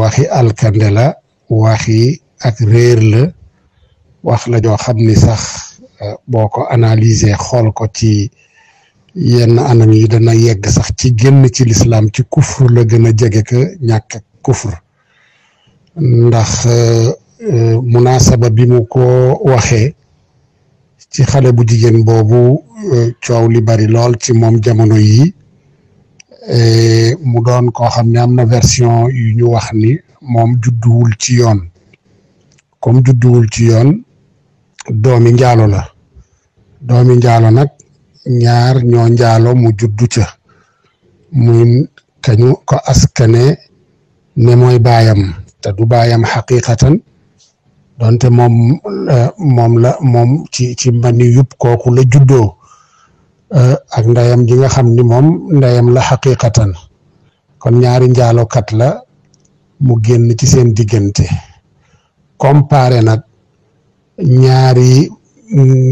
waxi alkande la waxi ak réer la wax la joo xam ni sax eh, boo ko analyser xool ko ci yenn anam yi dana yegg sax ci génn ci lislaam ci kufur la gën a jege ka ñàkk kufur ndax eh, eh, munaasaba bi mu ko waxee ci xale bu jigéen boobu coow li bari lool ci moom jamono yi Eh, mu doon koo xam ne am na version yu ñu wax ni moom judduwul ci yoon comme judduwul ci yoon doomi njaalo la doomi njaalo nag ñaar ñoo njaalo mu juddu ca muy kañu ko askane ne mooy baayam te du baayam xaqiqatan donte moom eh, moom la moom ci ci mbani yupp kooku la juddoo Euh, ak ndayam gi nga xam ni moom ndayam la xaqiqatan kon ñaari njaalokat la mu génn ci seen diggante compare nag ñaari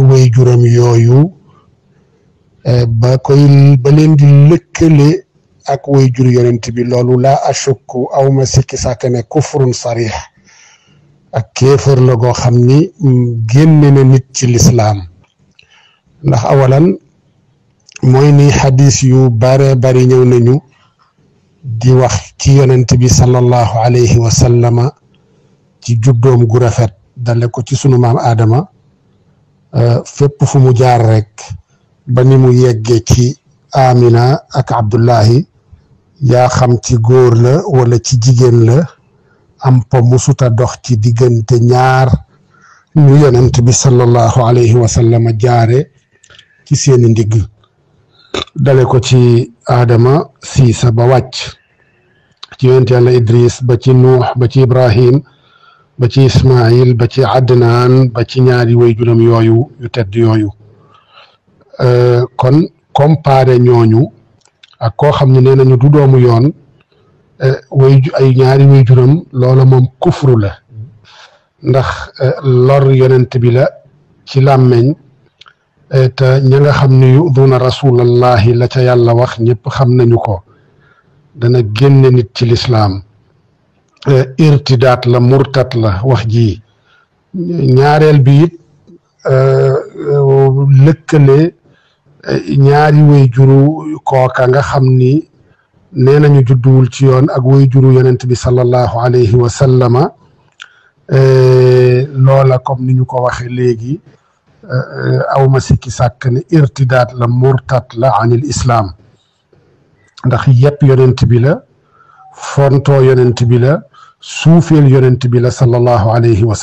wéy juróom yooyu euh, ba koy ba leen di lëkkale ak wéy jur yonent bi loolu la ashukku aw ma sikki sàkk ne kufrun sarix ak kéefër la goo xam ni génne na nit ci lislaam ndax awalan mooy ni xadis yu bare bari ñëw nañu di wax ci yonent bi sallallahu alayhi wa sallama ci juddoom gu rafet dale ko ci sunu maam Adama euh, fépp fu mu jaar rekk ba ni mu yeggee ci Amina ak Abdullahi yaa xam ci góor la wala ci jigéen la am po musuta dox ci diggante ñaar ñu yonent bi sallallahu alayhi wa sallama jaare ci seeni ndigg dale ko ci aadama siisa ba wàcc ci yonent yàlla idris ba ci nuux ba ci ibrahim ba ci ismail ba ci adnaan ba ci ñaari way juróom yooyu yu tedd yooyu euh, kon comparé ñooñu ak koo xam ne nee nañu du doomu yoon euh, way ay ñaari way juróom loola moom kufru la ndax euh, lor yonent bi la ci làmmeñ te ña nga xam ne yuduuna rasulallahi la ca yàlla wax ñëpp xam nañu ko dana génne nit ci lislaam e, irtidaat la murtat la wax ji ñaareel bi it e, lëkkale e, ñaari way juru kooka nga xam ni nee nañu judduwul ci yoon ak way juru yonent bi sallallahu alayhi wa loola comme ni ñu ko waxe léegi Euh, aw ma sikki sàkk ne irtidaat la murtat la anil islaam ndax yëpp yonent bi la fontoo yonent bi la suufeel yonent bi la sallallahu alayhi wa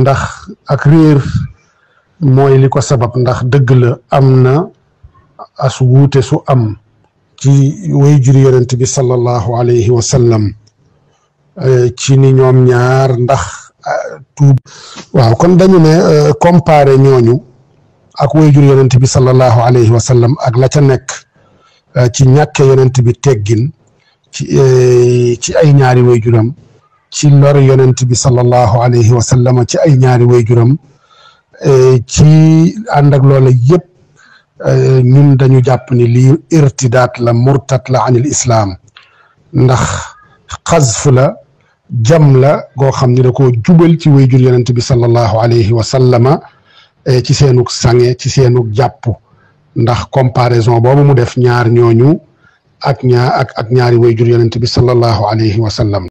ndax ak réer mooy li ko sabab ndax dëgg la am na as wuute su am ci way juri yonent bi sallallahu alayhi wa sallam euh, ci ni ñoom ñaar ndax tuub waaw kon dañu ne euh, comparé ñooñu ak wayjur yonent bi sallallahu alayhi wa sallam ak laca nekk euh, ci ñàkke yonent bi teggin ci euh, ci ay ñaari wayjuram ci lor yonent bi sallallahu alayhi wa sallam ci ay ñaari wayjuram ci ànd ak loola yëpp ñun dañu jàpp ni lii irtidaat la murtat la anil islaam ndax xazf la jam la goo xam ni da ko jubal ci wayjur yonent bi sallallahu alayhi wa sallama eh, ci seenug sange ci seenug jàpp ndax comparaison boobu mu def ñaar ñooñu ak ñaar ak ak ñaari wayjur yonent bi sallallahu alayhi wa sallam